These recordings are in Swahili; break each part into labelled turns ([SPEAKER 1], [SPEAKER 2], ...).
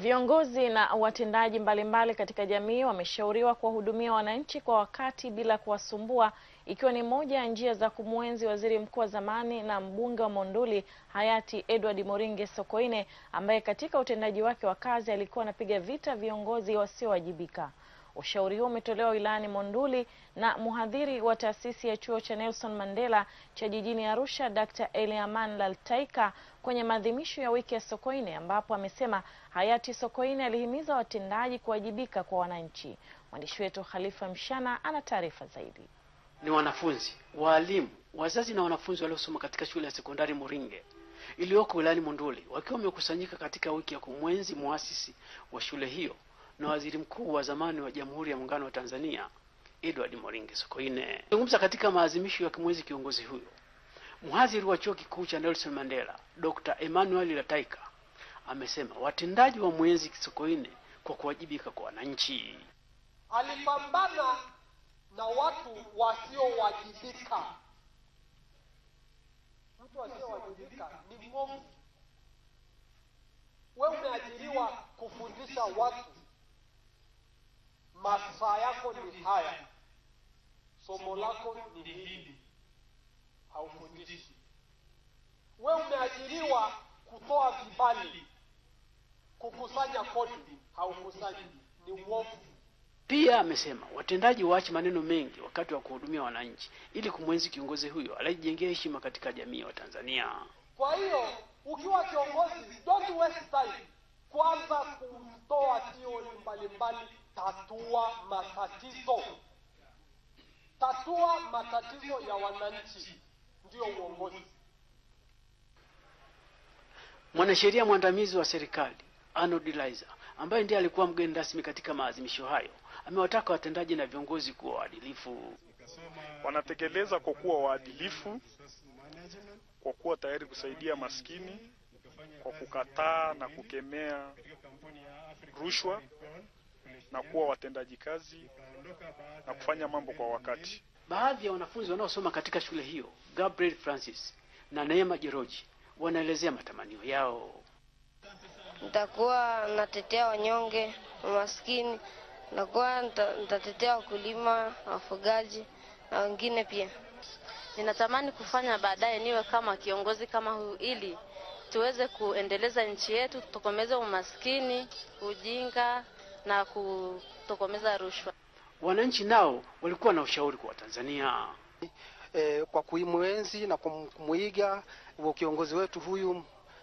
[SPEAKER 1] Viongozi na watendaji mbalimbali mbali katika jamii wameshauriwa kuwahudumia wananchi kwa wakati bila kuwasumbua, ikiwa ni moja ya njia za kumwenzi waziri mkuu wa zamani na mbunge wa Monduli hayati Edward Moringe Sokoine ambaye katika utendaji wake wa kazi alikuwa anapiga vita viongozi wasiowajibika. Ushauri huo umetolewa wilayani Monduli na mhadhiri wa taasisi ya chuo cha Nelson Mandela cha jijini Arusha, Dr. Eliaman Laltaika kwenye maadhimisho ya wiki ya Sokoine, ambapo amesema hayati Sokoine alihimiza watendaji kuwajibika kwa wananchi. Mwandishi wetu Khalifa Mshana ana taarifa zaidi.
[SPEAKER 2] Ni wanafunzi, waalimu, wazazi na wanafunzi waliosoma katika shule ya sekondari muringe iliyoko wilayani Monduli wakiwa wamekusanyika katika wiki ya kumwenzi muasisi wa shule hiyo na waziri mkuu wa zamani wa Jamhuri ya Muungano wa Tanzania Edward Moringe Sokoine. Zungumza katika maadhimisho ya kimwezi kiongozi huyo, mhadhiri wa chuo kikuu cha Nelson Mandela Dr. Emmanuel Lataika amesema watendaji wa mwenzi Sokoine kwa kuwajibika kwa wananchi,
[SPEAKER 3] alipambana na watu wasiowajibika. Mtu asiyowajibika ni mwovu. Wewe umeajiriwa kufundisha watu masaa yako ni haya, somo lako ni hili, haufundishi we. Umeajiriwa kutoa vibali, kukusanya kodi, haukusanyi, ni uovu.
[SPEAKER 2] Pia amesema watendaji waache maneno mengi wakati wa kuhudumia wananchi, ili kumwenzi kiongozi huyo aliyejengea heshima katika jamii ya Watanzania.
[SPEAKER 3] Kwa hiyo ukiwa kiongozi, don't waste time, kwanza kutoa tioni mbalimbali tatua matatizo. Tatua matatizo ya wananchi, ndiyo uongozi.
[SPEAKER 2] Mwanasheria mwandamizi wa serikali Arnold Laizer, ambaye ndiye alikuwa mgeni rasmi katika maadhimisho hayo, amewataka watendaji na viongozi kuwa waadilifu.
[SPEAKER 4] Wanatekeleza kwa kuwa waadilifu, kwa kuwa tayari kusaidia maskini, kwa kukataa na kukemea rushwa na kuwa watendaji kazi na kufanya mambo kwa wakati.
[SPEAKER 2] Baadhi ya wanafunzi wanaosoma katika shule hiyo, Gabriel Francis na Neema Jeroji, wanaelezea matamanio yao.
[SPEAKER 5] Nitakuwa natetea wanyonge, maskini, nitakuwa nitatetea wakulima, wafugaji na wengine pia.
[SPEAKER 6] Ninatamani kufanya baadaye niwe kama kiongozi kama huyu, ili tuweze kuendeleza nchi yetu, tutokomeze umaskini, ujinga na kutokomeza rushwa.
[SPEAKER 7] Wananchi nao walikuwa na ushauri kwa Watanzania e, kwa kuimwenzi na kumuiga kiongozi wetu huyu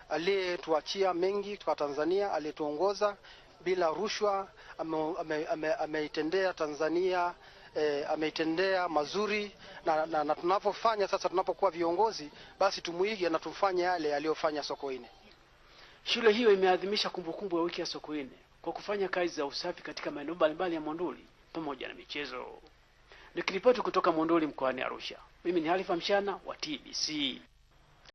[SPEAKER 7] aliyetuachia mengi kwa Tanzania, aliyetuongoza bila rushwa, ameitendea ame, ame Tanzania E, ameitendea mazuri na, na, na tunavyofanya sasa, tunapokuwa viongozi basi tumuige na tumfanye yale aliyofanya Sokoine.
[SPEAKER 2] Shule hiyo imeadhimisha kumbukumbu ya wiki ya Sokoine kwa kufanya kazi za usafi katika maeneo mbalimbali ya Monduli pamoja na michezo. Nikiripoti kutoka Monduli mkoani Arusha, mimi ni Halifa Mshana wa TBC.